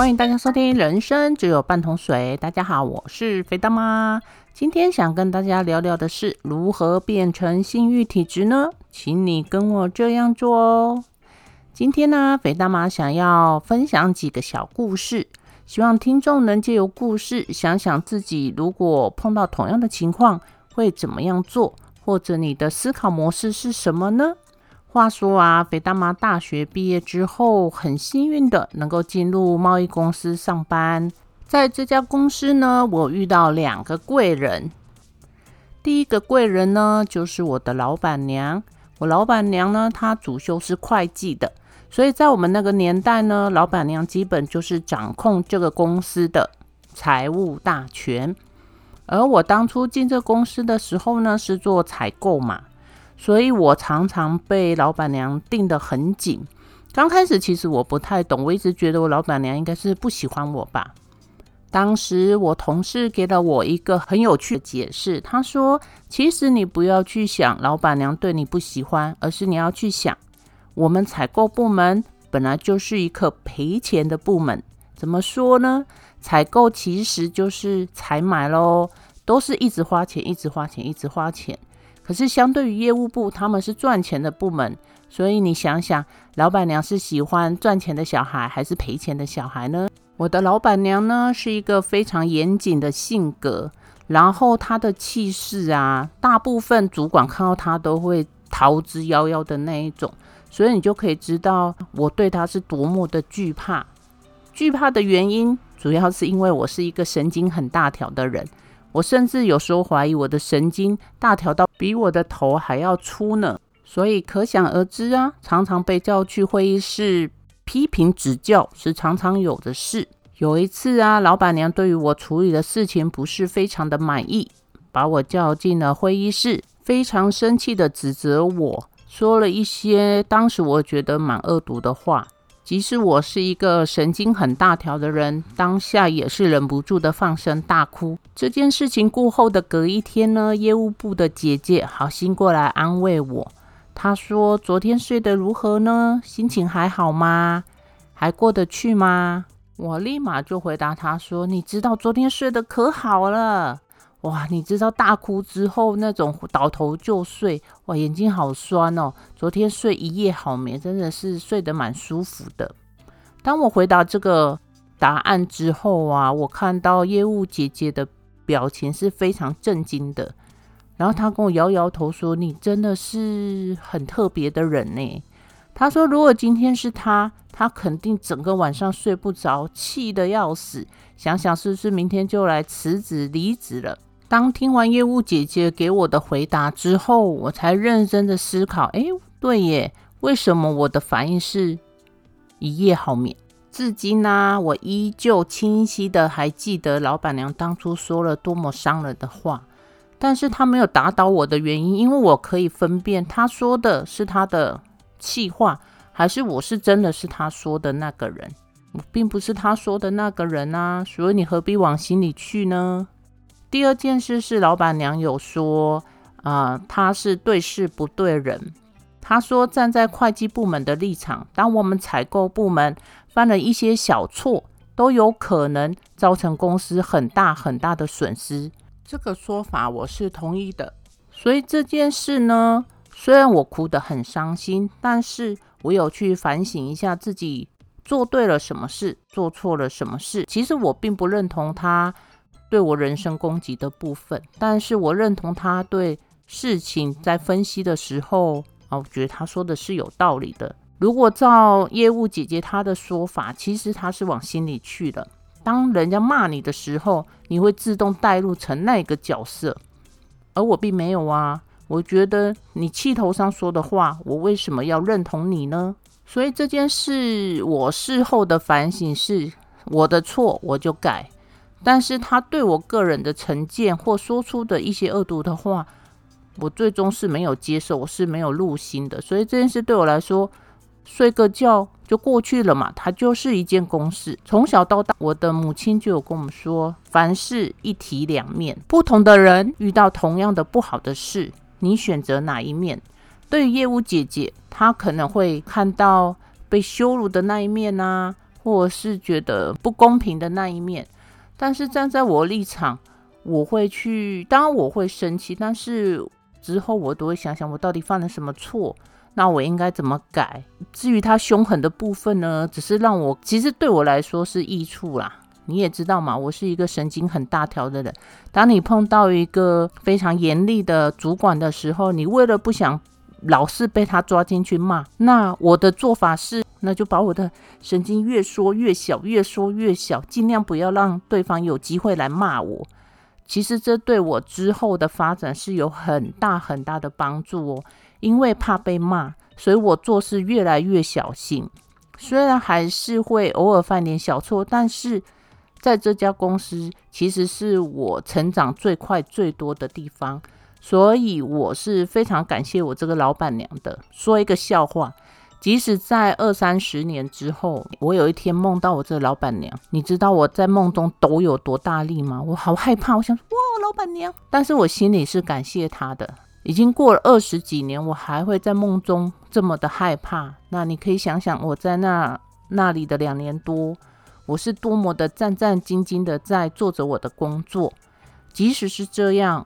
歡迎大家收聽《人生只有半桶水》。大家好，我是肥大媽。今天想跟大家聊聊的是如何變成幸運體質呢？請你跟我這樣做哦。今天呢、啊，肥大媽想要分享幾個小故事，希望聽眾能借由故事想想自己，如果碰到同樣的情況會怎麼樣做，或者你的思考模式是什麼呢？話說啊，肥大媽大學畢業之後，很幸運的能夠進入貿易公司上班。在這家公司呢，我遇到兩個貴人。第一個貴人呢，就是我的老闆娘。我老闆娘呢，她主修是會計的，所以在我們那個年代呢，老闆娘基本就是掌控這個公司的財務大權。而我當初進這公司的時候呢，是做採購嘛。所以我常常被老闆娘盯得很緊。剛開始其實我不太懂，我一直覺得我老闆娘應該是不喜歡我吧。當時我同事給了我一個很有趣的解釋，他說：“其實你不要去想老闆娘對你不喜歡，而是你要去想，我們採購部門本來就是一個賠錢的部門。怎麼說呢？採購其實就是採買嘍，都是一直花錢，一直花錢，一直花錢。”可是，相對於業務部，他們是賺錢的部門，所以你想想，老板娘是喜歡賺錢的小孩，還是賠錢的小孩呢？我的老板娘呢，是一個非常嚴謹的性格，然後她的氣勢啊，大部分主管看到她都會逃之夭夭的那一種，所以你就可以知道我對她是多麼的懼怕。懼怕的原因，主要是因為我是一個神經很大條的人。我甚至有時候懷疑我的神經大條到比我的頭還要粗呢，所以可想而知啊，常常被叫去會議室批評指教是常常有的事。有一次啊，老闆娘對於我處理的事情不是非常的滿意，把我叫進了會議室，非常生氣地指責我，說了一些當時我覺得蠻惡毒的話。即使我是一個神經很大條的人，當下也是忍不住的放聲大哭。這件事情過後的隔一天呢，業務部的姐姐好心過來安慰我，她說：“昨天睡得如何呢？心情還好嗎？還過得去嗎？”我立馬就回答她說：“你知道，昨天睡得可好了。”哇，你知道大哭之後那種倒頭就睡哇，眼睛好酸哦。昨天睡一夜好眠，真的是睡得蠻舒服的。當我回答這個答案之後啊，我看到業務姐姐的表情是非常震驚的。然後她跟我搖搖頭說：“你真的是很特別的人呢、欸。”她說：“如果今天是她，她肯定整個晚上睡不着，氣得要死。想想是不是明天就來辭職離職了？”當聽完業務姐姐給我的回答之後，我才認真的思考，哎，對耶，為什麼我的反應是一夜好眠？至今呢，我依舊清晰的還記得老闆娘當初說了多麼傷人的話，但是她沒有打倒我的原因，因為我可以分辨她說的是她的氣話，還是我是真的是她說的那個人？我並不是她說的那個人啊，所以你何必往心裡去呢？第二件事是，老闆娘有說，啊、呃，他是對事不對人。他說，站在會計部門的立場，當我們採購部門犯了一些小錯，都有可能造成公司很大很大的損失。這個說法我是同意的。所以這件事呢，雖然我哭得很傷心，但是我有去反省一下自己做對了什麼事，做錯了什麼事。其實我並不認同他。對我人身攻擊的部分，但是我認同他對事情在分析的時候，啊，我覺得他說的是有道理的。如果照業務姐姐她的說法，其實她是往心裡去了。當人家罵你的時候，你會自動帶入成那個角色，而我並沒有啊。我覺得你氣頭上說的話，我為什麼要認同你呢？所以這件事我事後的反省是我的錯，我就改。但是他對我個人的成見或說出的一些惡毒的話，我最終是沒有接受，我是沒有入心的。所以這件事對我來說，睡個覺就過去了嘛。它就是一件公事。從小到大，我的母親就有跟我們說，凡事一體兩面。不同的人遇到同樣的不好的事，你選擇哪一面？對於業務姐姐，她可能會看到被羞辱的那一面啊，或者是覺得不公平的那一面。但是站在我立場，我會去，當然我會生氣，但是之後我都會想想我到底犯了什麼錯，那我應該怎麼改？至於他兇狠的部分呢，只是讓我其實對我來說是益處啦。你也知道嘛，我是一個神經很大條的人。當你碰到一個非常嚴厲的主管的時候，你為了不想。老是被他抓進去罵，那我的做法是，那就把我的神經越縮越小，越縮越小，盡量不要讓對方有機會來罵我。其實這對我之後的發展是有很大很大的幫助哦，因為怕被罵，所以我做事越來越小心。雖然還是會偶爾犯點小錯，但是在這家公司，其實是我成長最快最多的地方。所以我是非常感謝我這個老闆娘的。說一個笑話，即使在二三十年之後，我有一天夢到我這個老闆娘，你知道我在夢中抖有多大力嗎？我好害怕，我想說哇，老闆娘，但是我心裡是感謝她的。已經過了二十幾年，我還會在夢中這麼的害怕。那你可以想想，我在那那裡的兩年多，我是多麼的戰戰兢兢的在做着我的工作，即使是這樣。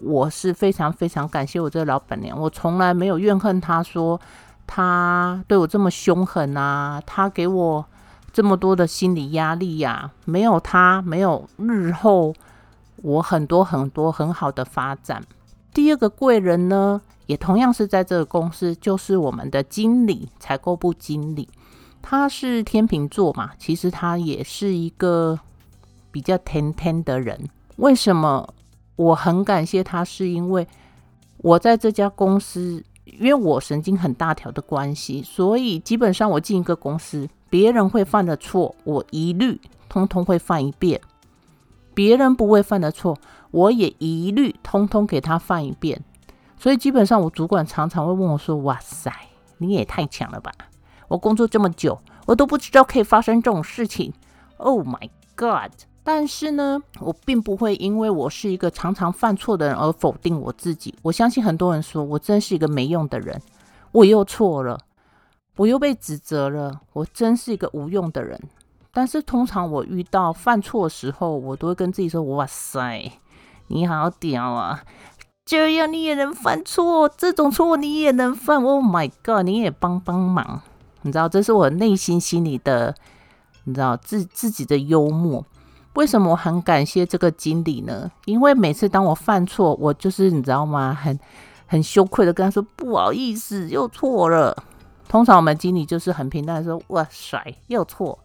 我是非常非常感謝我這個老闆娘，我從來沒有怨恨她說，說她對我這麼凶狠啊，她給我這麼多的心理壓力呀、啊，沒有她，沒有日後我很多很多很好的發展。第二個貴人呢，也同樣是在這個公司，就是我們的經理，採購部經理，他是天秤座嘛，其實他也是一個比較甜甜的人，為什麼？我很感謝他，是因為我在這家公司，因為我神經很大條的關係，所以基本上我進一個公司，別人會犯的錯，我一律通通會犯一遍；別人不會犯的錯，我也一律通通給他犯一遍。所以基本上，我主管常常會問我說：“哇塞，你也太強了吧！”我工作這麼久，我都不知道可以發生這種事情。Oh my god！但是呢，我並不會因為我是一個常常犯錯的人而否定我自己。我相信很多人說我真是一個沒用的人，我又錯了，我又被指責了，我真是一個無用的人。但是通常我遇到犯錯的時候，我都會跟自己說：“哇塞，你好屌啊！這樣你也能犯錯，這種錯你也能犯。Oh my god！你也幫幫忙，你知道，這是我內心心裡的，你知道自自己的幽默。”為什麼我很感謝這個經理呢？因為每次當我犯錯，我就是你知道嗎？很很羞愧的跟他說，不好意思，又錯了。通常我們經理就是很平淡的說，哇塞又錯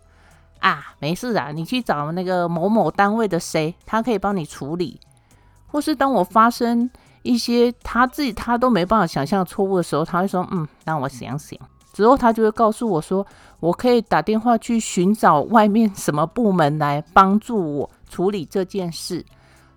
啊，沒事啊，你去找那個某某單位的誰，他可以幫你處理。或是當我發生一些他自己他都沒辦法想象的錯誤的時候，他會說嗯，讓我想想。之後，他就會告訴我說：“我可以打電話去尋找外面什麼部門來幫助我處理這件事。”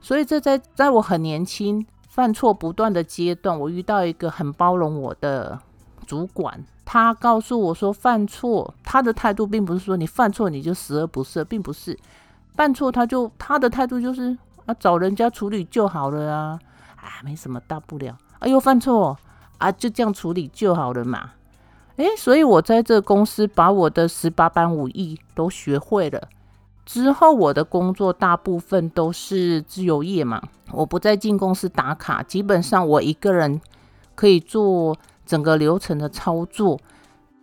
所以在，在在我很年輕、犯錯不斷的階段，我遇到一個很包容我的主管。他告訴我說：“犯錯，他的態度並不是說你犯錯你就十惡不赦，並不是犯錯他就他的態度就是啊，找人家處理就好了啊，啊，沒什麼大不了。哎呦，犯錯啊，就這樣處理就好了嘛。”哎，所以我在這公司把我的十八般武藝都學會了。之後我的工作大部分都是自由業嘛，我不再進公司打卡。基本上我一個人可以做整個流程的操作。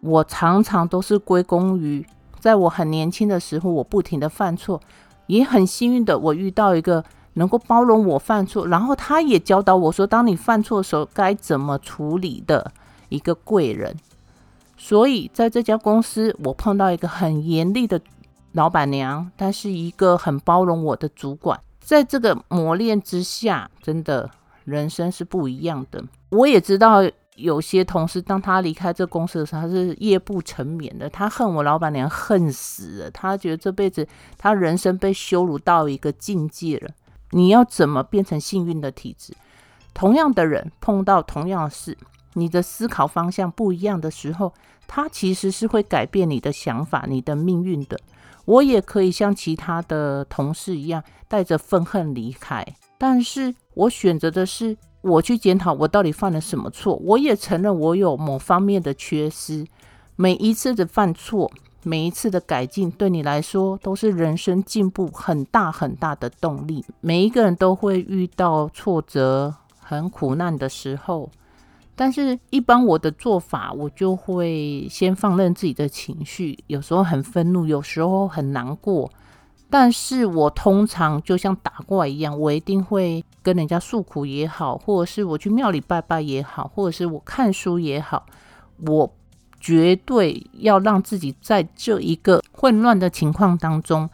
我常常都是歸功於在我很年輕的時候，我不停的犯錯，也很幸運的我遇到一個能夠包容我犯錯，然後他也教導我說，當你犯錯的時候該怎麼處理的一個貴人。所以在這家公司，我碰到一個很嚴厲的老闆娘，但是一個很包容我的主管。在這個磨練之下，真的人生是不一樣的。我也知道有些同事，當他離開這公司的時候，他是夜不成眠的，他恨我老闆娘恨死了，他覺得這輩子他人生被羞辱到一個境界了。你要怎麼變成幸運的體質？同樣的人碰到同樣的事。你的思考方向不一樣的時候，它其實是會改變你的想法、你的命運的。我也可以像其他的同事一樣，帶着憤恨離開，但是我選擇的是我去檢討我到底犯了什麼錯。我也承認我有某方面的缺失。每一次的犯錯，每一次的改進，對你來說都是人生進步很大很大的動力。每一個人都會遇到挫折、很苦難的時候。但是，一般我的做法，我就會先放任自己的情緒，有時候很憤怒，有時候很難過。但是我通常就像打怪一樣，我一定會跟人家訴苦也好，或者是我去廟裡拜拜也好，或者是我看書也好，我絕對要讓自己在這一個混亂的情況當中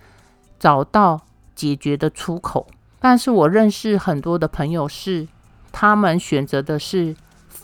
找到解決的出口。但是我認識很多的朋友是，是他們選擇的是。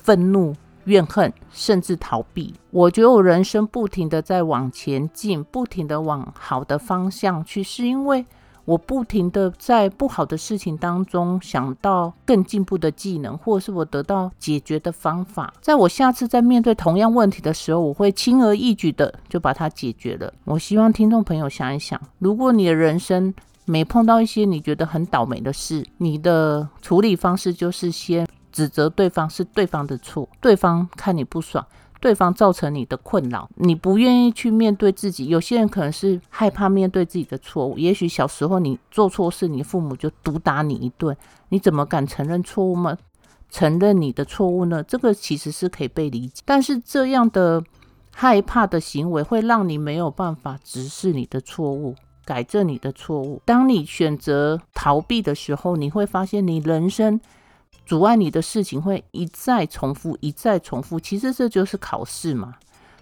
憤怒、怨恨，甚至逃避。我覺得我人生不停的在往前進，不停的往好的方向去，是因為我不停的在不好的事情當中想到更進步的技能，或是我得到解決的方法。在我下次在面對同樣問題的時候，我會輕而易舉的就把它解決了。我希望聽眾朋友想一想，如果你的人生沒碰到一些你覺得很倒霉的事，你的處理方式就是先。指責對方，是對方的錯，對方看你不爽，對方造成你的困擾，你不願意去面對自己。有些人可能是害怕面對自己的錯誤，也許小時候你做錯事，你父母就毒打你一頓，你怎麼敢承認錯誤嗎？承認你的錯誤呢？這個其實是可以被理解，但是這樣的害怕的行為會讓你沒有辦法直視你的錯誤，改正你的錯誤。當你選擇逃避的時候，你會發現你人生。阻礙你的事情會一再重複，一再重複。其實這就是考試嘛。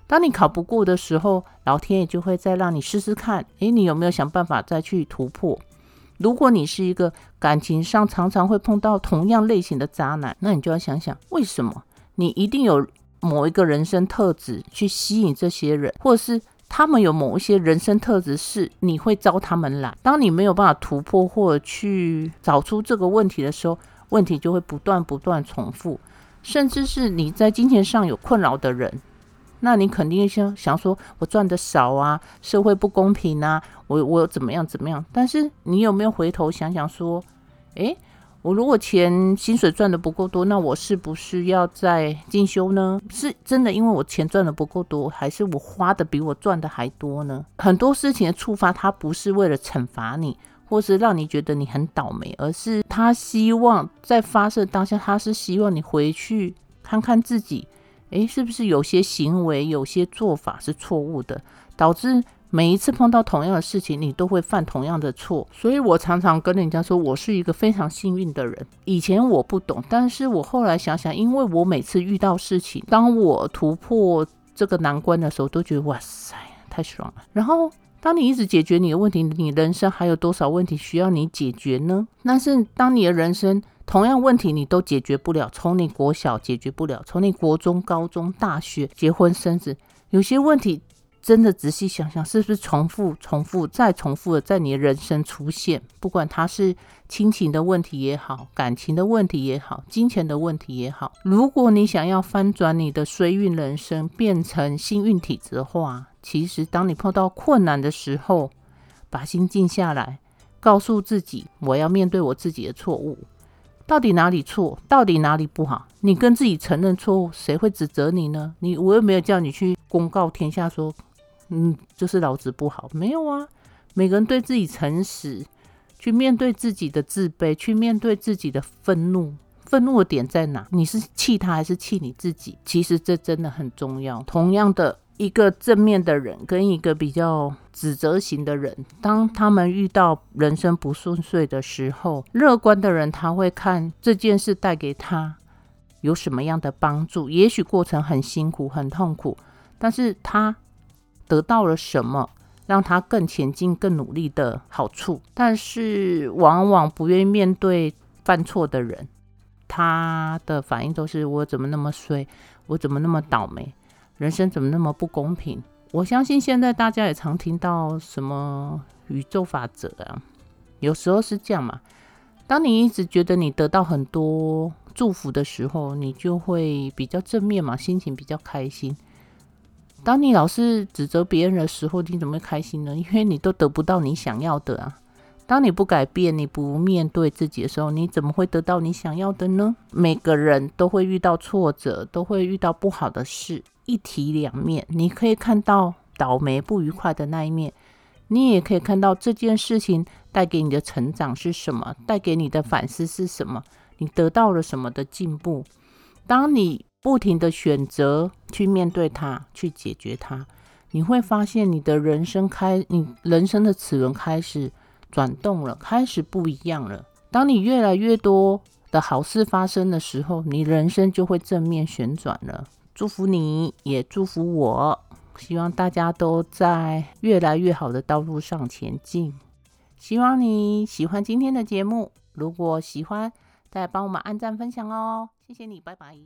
當你考不過的時候，老天爺就會再讓你試試看，誒，你有沒有想辦法再去突破？如果你是一個感情上常常會碰到同樣類型的渣男，那你就要想想，為什麼你一定有某一個人生特質去吸引這些人，或者是他們有某一些人生特質是你會招他們來？當你沒有辦法突破或者去找出這個問題的時候，問題就會不斷不斷重複，甚至是你在金錢上有困擾的人，那你肯定想想說，我賺的少啊，社會不公平啊，我我怎麼樣怎麼樣？但是你有沒有回頭想想說，誒，我如果錢薪水賺的不夠多，那我是不是要再進修呢？是真的因為我錢賺的不夠多，還是我花的比我賺的還多呢？很多事情的觸發，它不是為了懲罰你。或是讓你覺得你很倒霉，而是他希望在發生當下，他是希望你回去看看自己，誒，是不是有些行為、有些做法是錯誤的，導致每一次碰到同樣的事情，你都會犯同樣的錯。所以，我常常跟人家說，我是一個非常幸運的人。以前我不懂，但是我後來想想，因為我每次遇到事情，當我突破這個難關的時候，都覺得哇塞，太爽了。然後。當你一直解決你的問題，你人生還有多少問題需要你解決呢？但是當你的人生同樣問題你都解決不了，從你國小解決不了，從你國中、高中、大學、結婚、生子，有些問題真的仔細想想，是不是重複、重複、再重複的在你的人生出現？不管它是親情的問題也好，感情的問題也好，金錢的問題也好，如果你想要翻轉你的衰運人生，變成幸運體質的話。其實，當你碰到困難的時候，把心靜下來，告訴自己：“我要面對我自己的錯誤，到底哪裡錯？到底哪裡不好？”你跟自己承認錯誤，誰會指責你呢？你我又沒有叫你去公告天下說：“嗯，就是老子不好。”沒有啊。每個人對自己誠實，去面對自己的自卑，去面對自己的憤怒，憤怒的點在哪？你是氣他還是氣你自己？其實這真的很重要。同樣的。一個正面的人跟一個比較指責型的人，當他們遇到人生不順遂的時候，樂觀的人他會看這件事帶給他有什麼樣的幫助，也許過程很辛苦很痛苦，但是他得到了什麼，讓他更前進、更努力的好處。但是往往不願意面對犯錯的人，他的反應都是：我怎麼那麼衰？我怎麼那麼倒霉？人生怎麼那麼不公平？我相信現在大家也常聽到什麼宇宙法則啊，有時候是這樣嘛。當你一直覺得你得到很多祝福的時候，你就會比較正面嘛，心情比較開心。當你老是指責別人的時候，你怎麼會開心呢？因為你都得不到你想要的啊。當你不改變、你不面對自己的時候，你怎麼會得到你想要的呢？每個人都會遇到挫折，都會遇到不好的事。一體兩面，你可以看到倒霉不愉快的那一面，你也可以看到這件事情帶給你的成長是什麼，帶給你的反思是什麼，你得到了什麼的進步。當你不停的選擇去面對它，去解決它，你會發現你的人生開，你人生的齒輪開始轉動了，開始不一樣了。當你越來越多的好事發生的時候，你人生就會正面旋轉了。祝福你也祝福我，希望大家都在越來越好的道路上前進。希望你喜歡今天的節目，如果喜歡，再幫我們按讚分享哦，謝謝你，拜拜。